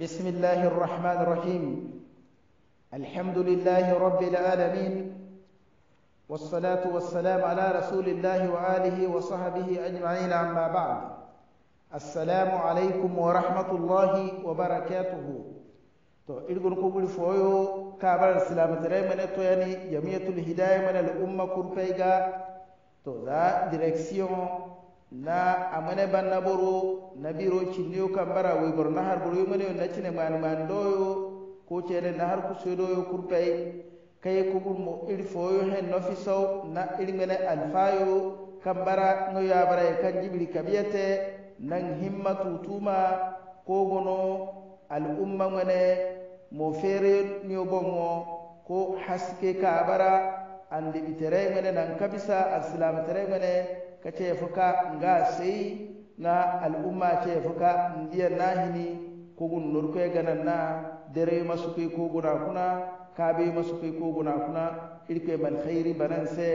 بسم الله الرحمن الرحيم الحمد لله رب العالمين والصلاة والسلام على رسول الله وآله وصحبه أجمعين عما بعد السلام عليكم ورحمة الله وبركاته to irgun فويو كابر kabar islam من mana جميع yani من الأمة mana al umma kurfaiga na amane banna boro nabiro cinniyo kambara wibor nahar boro yomaneyo naccine mani mani ɗoyo ko ceene nahar ku soydoyo kurpay kaye kogol mo iri foyo hen nofi sow na iri mene alfayo kambara no yabaraye kan jibiri kabiyete nan himma tutuma kogono al umma mene mo feere niyo bongo ko haske kabara andi ɓitere mene nan kabisa alsilama tere mene ka ceefo ka ngaa seyi nga al umma ceefo ka ndiya naahini kogun norkoye gananna derey masukoy koguna kuna kaabe masukoy koguna kuna iɗi koye man hayri banan se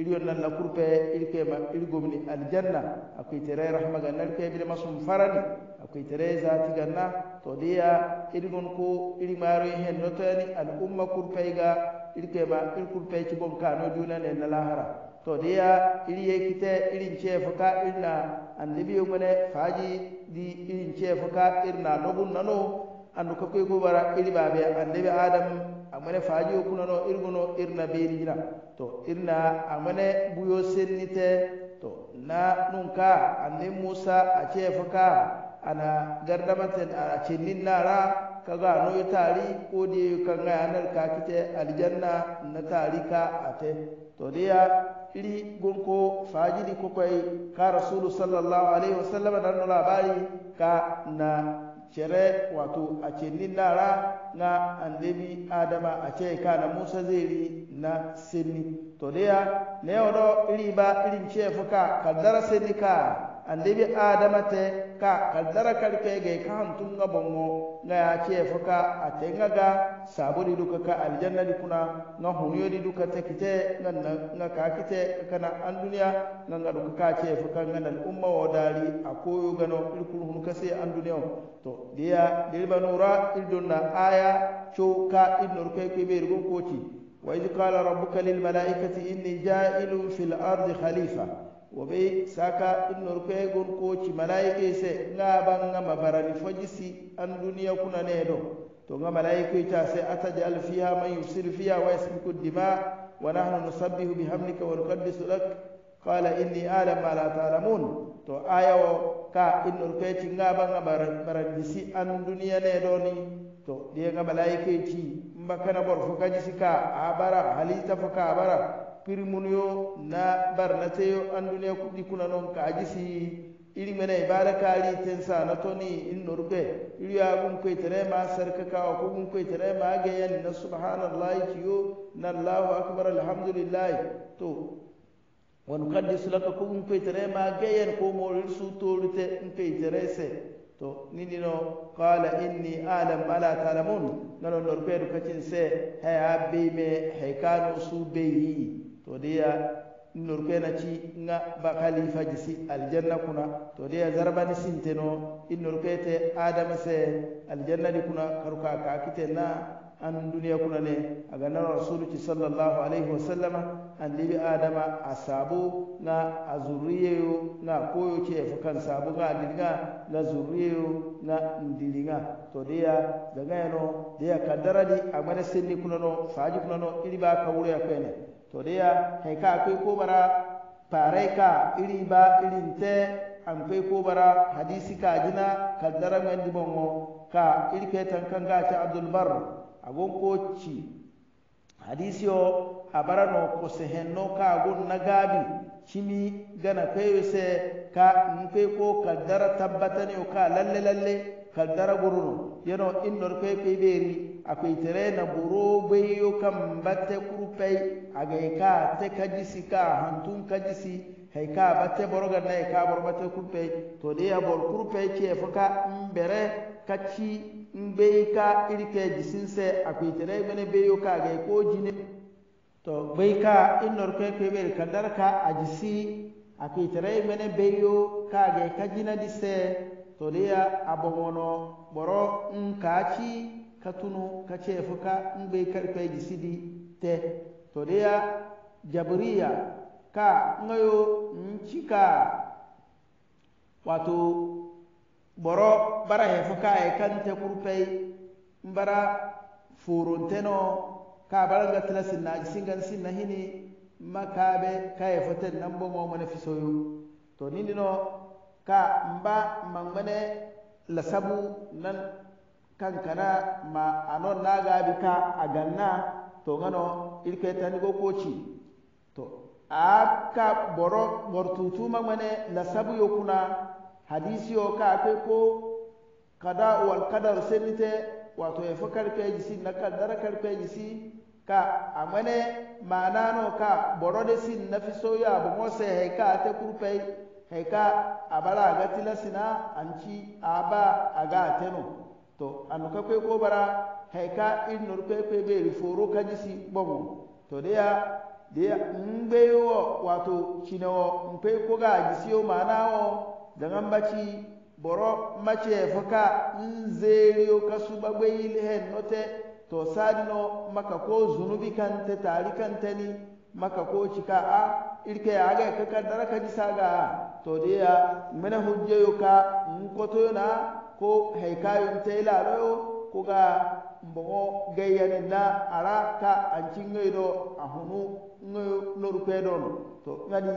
iɗi yon nan la kurpe iɗi koye ma iɗi gomni aljanna akoy tere rahma ganna iɗi koye mbine masum farani akoy tere zati ganna to ndiya iɗi gon ko iɗi maaroy hen notoyani al umma kurpey ga iɗi koye ma iɗi kurpey cibon kano diwnane nalahara to deya iri ye kite irin cefo ka irna annabiyo mene faji di irin cefo ka irna nogun nano andu ko koy ko bara iri babe annabi adam amane faji ko nano irguno irna beerijina to irna amane buyo sennite to na nun ka anne musa a cefo ka ana gardamaten a cennin nara kaga no tari ko de kanga anar ka kite aljanna na tari ka ate to deya ili gonko faajili kokoy ka rasulu sallllahu alayhi wa sallam darno labari ka na cere wato a cenninnara nga andebi adama a cee ka na musa zeri na senni to leya neyo ɗo iri ba irin cee fo ka ka dara senni ka andibi adama te ka kaldara kalkege ka hantunga bongo nga ya ce foka a te nga ga sabori duka ka aljanna di kuna nga hunyori duka te kite nga nga ka kite kana an duniya nga nga duka ka ce foka nga dal umma wo dali a koyu gano ilkul hun kase an duniya to diya dilba nura ildunna aya cho ka idnur kay ko be rugo koti wa iz qala rabbuka lil malaikati inni ja'ilu fil ardi khalifa wo ɓey saka ɗumnor koyegol kooci malayike se ngaɓa ngama barani fajisi an duniya kunaneɗo to nga malayikoyta se atajal fiha man yufsiru fiha wa yasbiku dima wa nahnu nusabbihu bihamdika wa nukaddisu lak qala inni alam ma la talamun to ayawo ka innor koyeti ngaɓa nga barandisi an duniya neɗo ni to ɗiye nga malayikoyti mbakana bor fo kajisi ka a bara halitafo ka a bara pirimun yo na barnate yo an duniya kuɗikuna noon kaajisi iri mene ibara kaari ten sana toni in norbe iri ya gum koy tere ma sarka ka ko gum koy tere ma geyan na subhanallahi tiyo na allah akbar alhamdulillah to won kaddi sulaka ko gum koy tere ma geyan ko mo su torute in koy tere se to nini no qala inni alam ala talamun na non norbe do kacin se haya be me haykanu su beyi to deya inorkena ci nga ba khalifa jisi aljanna kuna to deya zarbani sinteno inorkete adama se aljanna di kuna karuka ka kite na an duniya kuna ne aga na rasulu ci sallallahu alayhi wa sallama an libi adama a sabu nga a zurriye yo nga koyo ci e fukan sabu nga dili nga nga zurriye yo nga ndili nga to deya daga yano deya kadara di agmane sendi kuna no faji kuna no iri ba kawuru ya kwene to deya hay ka akwai kobara farai ka iri ba irin te an kai kobara hadisi ka jina kaddara mai dibon wo ka irfe tankan gace abdulbar a gonkoci hadisi o a bara no ko sehenno ka gun na gabi cimi gana kai se ka in kai ko kaddara tabbata ne ka lalle lalle kaddara guru no yano indor kai kai beri akwaitere na boro gbeyo kan batte kurpai agai e ka te kajisi ka hantun kajisi hay ka boro boroga e na ka bor batte kurupe to de ya bor kurpai ce faka mbere kaci mbe e ka irke jisin se akwaitere mene beyo ka agai ko jine to bai ka innor kai kai bai kadar ka ajisi akwaitere mene beyo ka agai kajina dise to de ya abongono boro nkachi ka tunu ka ceefo ka ɗum ɓey karpeeji siɗi te to ɗeya jabriya ka ngayo cika wato ɓoro bara heefo ka e kan tekur pey mbara furunteno ka baranga tila sinnaji singan sinna hini makaɓe ka yefoten nambo momone fisoyu to nindino ka mba mangmane la sabu nan kankana ma anon nagaabi ka a ganna to gano ilkaytanigo e koci to aka boro wortutuma mane nasabuyo kuna hadisiyo ka akai ko kadauwal kadar senite wato efo karpejisi na kaddara karpejisi ka amane manano ka boro de sin nafisoyo abomo se heka ate kurpei heka abara agatila sina anci aba aga ateno no to anu kakwe ko bara hay ka innor pepe be foro kaji si bomu to de ya de ya mbe wo wato chine wo mpe ko ga ji si o mana wo da ngam bachi boro mache foka nzeli o kasu bagwe ile hen note to sadi no maka ko zunubi kante tali kante ni maka ko chika a ilke aga kaka daraka ji saga to de ya mena hujje yo ka mkoto na ko haikayun tela loyo ko mbogo gayani gayyana ara ka anci ngai do hunu ngai loru pedo no to ngani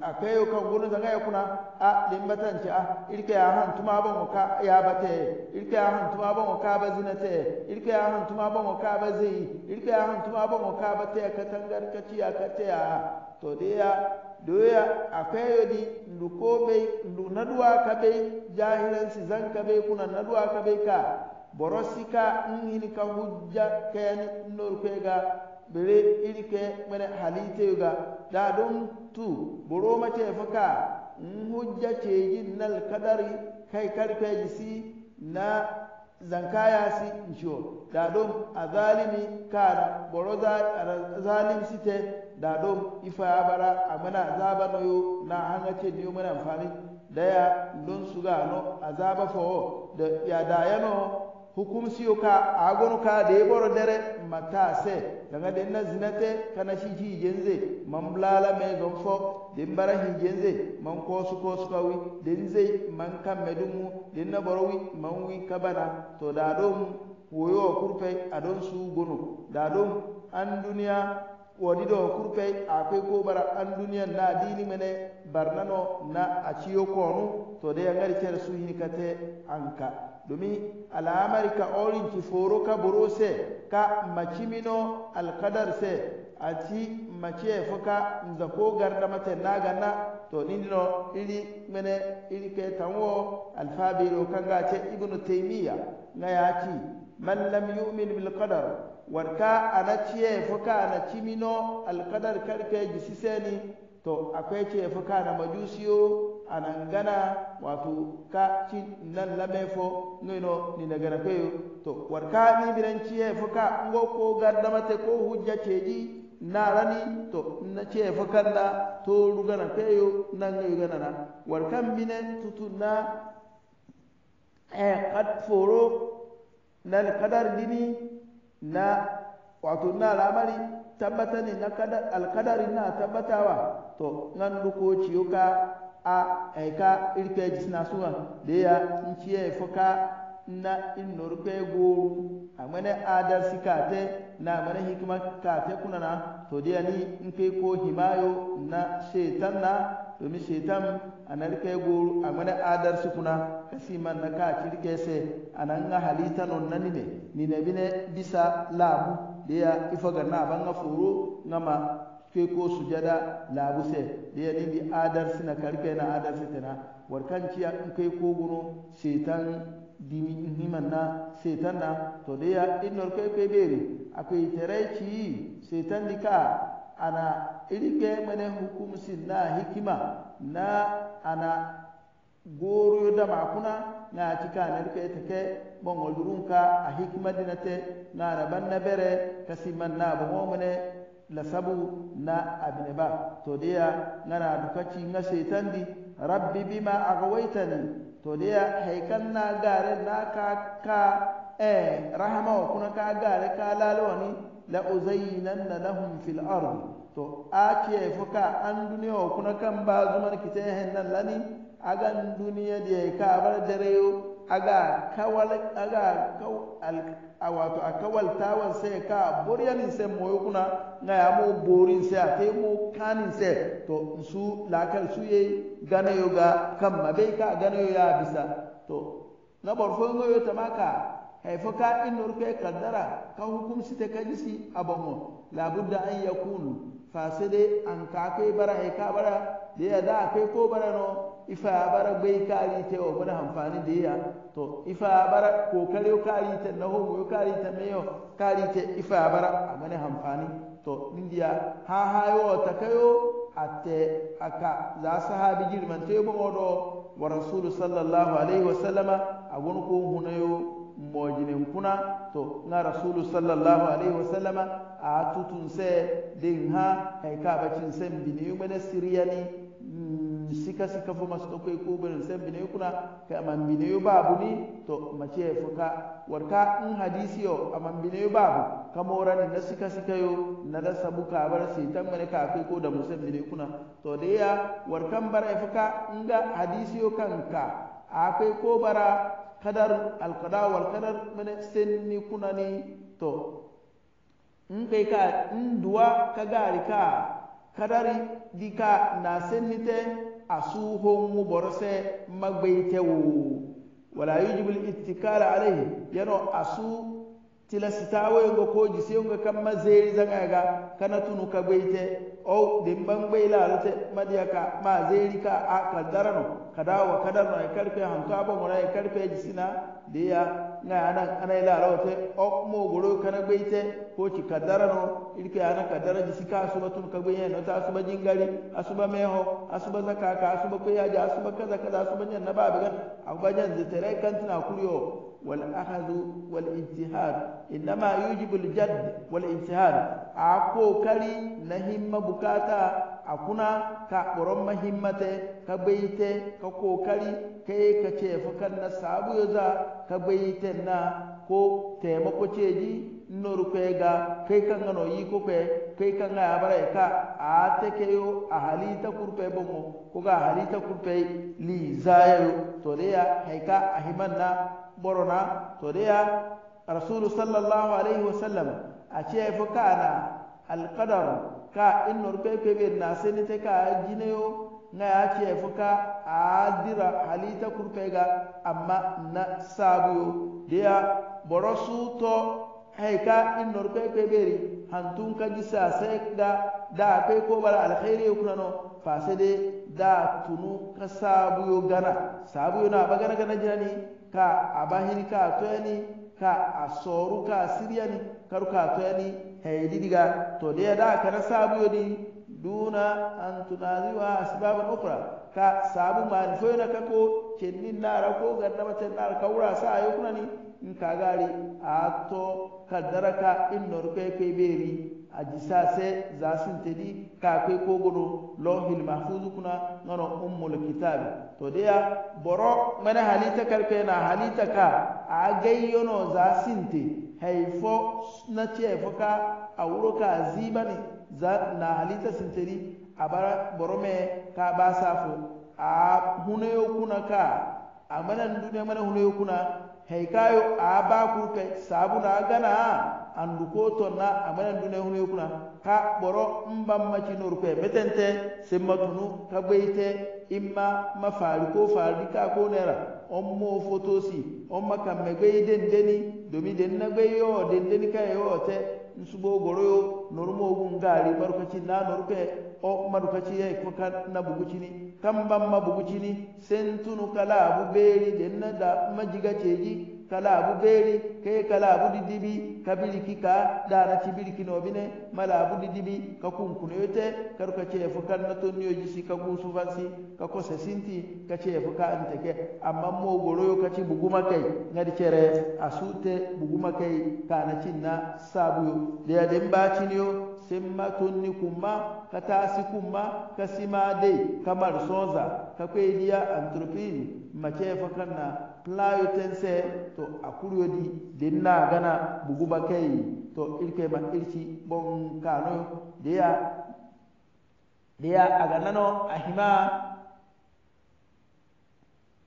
akayo kan gono zanga ya kuna a limbatan ci a irke ya han tuma ban ka ya bate irke ya han tuma ban ka ba zinate irke ya han tuma ban ka ba zai irke ya han tuma ban waka ba te ka tangar ka ci ya ka te ya to dai ya doya a kweyodi ndu ko ɓey ndu naɗuwa ka ɓey jahiransi zan ka ɓey kuna naɗuwa ka ɓey ka borosi ka n hini ka hujja keyani noru kwega bere iri ke mene haliteyoga da ɗum tu boroma tefo ka n hujja teji nal kadari kay kari kweji si na zankayasi nco da ɗum a zalimi kara boro zalim site da ɗon ifa ya bara a mana zaba no yo na hangace ne yo mana amfani da ya don su ga no a zaba fo da ya da ya no hukum si yo ka a gonu ka da ya boro dare mata se daga da na zinate kana shi ji jenze man blala me don fo din bara hin jenze man ko su ko su kawi din zai man kan medun mu din na boro wi man wi kabara to da don woyo kurfe a don su gonu da don an duniya wodi ɗo kurpey a koy ko ɓara an duniya na dini mene barnano na a ciyo konu to de a gari cere su hinikate anka ɗumi alamari ka olinci foro ka boro se ka macimino alkadar se aci macie fo ka nza ko gardamate na ganna to ɗinɗino iri mene iri ke tan wo alfabiro kanga ce ibnu taimiya gayaci man lam yumin bil qadar war ka ana ciye fo ka ana cimino alqadar karpe ji siseni to akwai ciye fo ka ana majusiyo ana ngana wato ka ci nan lame fo ngino ni na gana kwayo to war ka mi biran ciye fo ka ngo ko gardamate ko hujja ceji narani to na ciye fo kanda to rugana kwayo nan ngayo gana na war kan bine tutu na eh, kat foro nan kadar dini na wato na lamari tabbata ne na alkadari na tabbatawa to nan ruko ciyoka a aika irpe jisna suna da ya nciye fuka na inu rufe goro a mene adarsi kate na mene hikima kate kuna na to da ya ni nke ko himayo na shetan na domin shaitan a na rike goro a mana adar su kuna kasi man na ka kirke se a nan ga halita non nan ne ni ne bine bisa labu da ya ifa ga na ban ga furo na ma ke ko su jada labu se da ya ni bi adar su na karke na adar su tana war kan ciya in kai ko gono shaitan dimi in ni man na shaitan na to da ya in nor kai kai bere akwai tare ci shaitan di ka ana irige mene hukumsi na hikima na ana goro yo dama kuna na cika na rike ta ke bangalurunka a hikima dina te na rabar na bere kasi man na bango mene lasabu na abine ba to diya ngana dukaci nga shaitan di rabbi bima agwaita ni to diya haikan na gare na ka ka eh rahama wa kuna ka gare ka lalwani la uzayyinanna lahum fil ardh to aatiye fo ka an duniya o kuna kan baasuman kite hen nan lani agan duniya ɗiye ka wara dereyo aga kawal aga kaw al a wato a kawal tawal se ka boriyanin se moyo kuna nga ya mo borin se a te mo kanin se to su lakal su ye ganayo ga kam mabe ka ganayo ya bisa to na bor fo ngoyo tamaka hay fo ka inor ke kaddara ka hukum site kajisi abamo la budda an yakunu faa sede an kaa koye bara e kaa bara deya da koye koo bara no i faa bara gbey kaalite o bona hanfaani deya to i faa bara koo kaleo kaalite naho moyo kaalite meyo kaalite i faa bara a bone hanfaani to nindiya haa haayo o takayo atte a ka za sahaabi jiri mantoyo momoo ɗo wa rasulu sallallahu alayhi wa sallama a gono koo hunayo mojinin kuna to na rasulu sallallahu alaihi wasallama a tutun se din ha hay ka bacin sen bini mene siriyani mm, sika sika fo masu tokoy ko bin sen bini kuna ka man bini babu ni to mace fuka warka in hadisi yo aman bini babu ni na sika sika yo na da sabu ka bar sai tan mene ka kai ko da musan bini kuna to da ya warkan bara fuka inga hadisi yo kanka akai ko bara kadar alkada walkadar mene senni kunani to in kai ka in duwa ka gari ka kadari dika na sennite a su homu borse magbaite wo wala yujibul ittikala alaihi yano a su tilasita wayo ko jise ga kan mazeri zanga ga kana tunu ka baite o dimban bai lalute madiyaka mazeri ka a kaddarano kada wa kada no ay e karfe han ka ba mura ay karfe ji sina diya na ana ana ila e rote o mo goro kana beite ko ci kadara no ilke ana kadara ji sika suba tun ka be no ta suba jingari asuba meho asuba zaka ka asuba ko ya ja asuba kaza kaza asuba nyen na babiga aw ba nyen ze tere kan tuna kuriyo wal akhadhu wal intihar inma yujibu al jadd wal intihar ako kali na himma bukata akuna ka boron mahimmate ka beyite ka kokari kaye ka cefo kanna sabuyo za ka beyite na ko temako ceji noru kwe ga kai kanga no yiko kwe kai kanga ya bare ka ate keyo a halita kurpe bomo ko ga halita kurpe li zayo to leya haika ahiman na borona to leya rasulu sallallahu alaihi wasallam a cefo kana alqadar ka in norpe kwe be na senite ka jineyo nga ya ce fuka a dira halita kurfe ga amma na sabuyo da ya bora su to haika in norfe kwebere hantun ka gisa sai ga da kai ko bara alkhairi ya kuna no fa sai dai da tunu ka sabuyo gana sabuyo na ba gana gana jirani ka a bahiri ka toya ni ka a soru ka siriya ni karu ka toya ni haididiga to da ya da ka na sabuyo ni duna an tunaziwaha sibaban ukra ka saabu maani foyna ka ko cennin naara ko gardama ten naara ka wura sa yoknani in kagaari aatto ka daraka in noru koye koye ɓeeri a jisa se zasinte ɗi ka koye kogono lohil mahfuse kuna gano ummul kitabe to deya boro mane halita kar koyena halita ka a gayyono zasinte hay fo naci hay fo ka a wuro ka zibani na halita sintiri abara mai ka ba safo a hunayo kuna ka a manan duniya mana hunayo kuna haikayo a ba kurpe sabuna gana an dukoto na a manan duniya hunayo kuna ka boro mban maci norpe metente simma matunu ka gbeite imma ma fari ko fari ka ko nera on mo fotosi on maka mai gbe dendeni domin den na gbe yo dendeni ka yo te nsubo goroyo norumo ogun gaari barukaci naa noruke o madukaciyay e ko ka nabugucini kamban mabugucini sentunu kalabu beeri denna da majigaceji kalabu beeri kaye kalabu didibi ka biliki ka danati birikinobine malabu didibi ka kunkunoyote kadu ka ceefo kanna tonniyoji si ka gusufansi ka kose sinti ka ceefo ka anteke amma mogoroyo kaci buguma kay ngadi cere a suute buguma kay kanacinna saabuyo deya den baciniyo semma tonni kumma ka taasi kumma ka simaade ka bar sosa ka kweediya entreprise ma ceefa kanna playo ten see to a kuryodi dennaagana buguba kay to irkey ma irci bon kaano deya deya aga nano a hima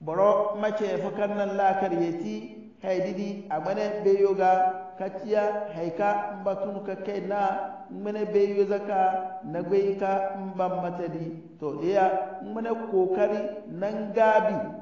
boro ma ceefa kanna laakaryeti hay didi a mane ɓe yoga kacciya hay ka mbatunu ka kay naa mene bai yi zaka na gwai ka in ban matadi to iya mene kokari nan gabi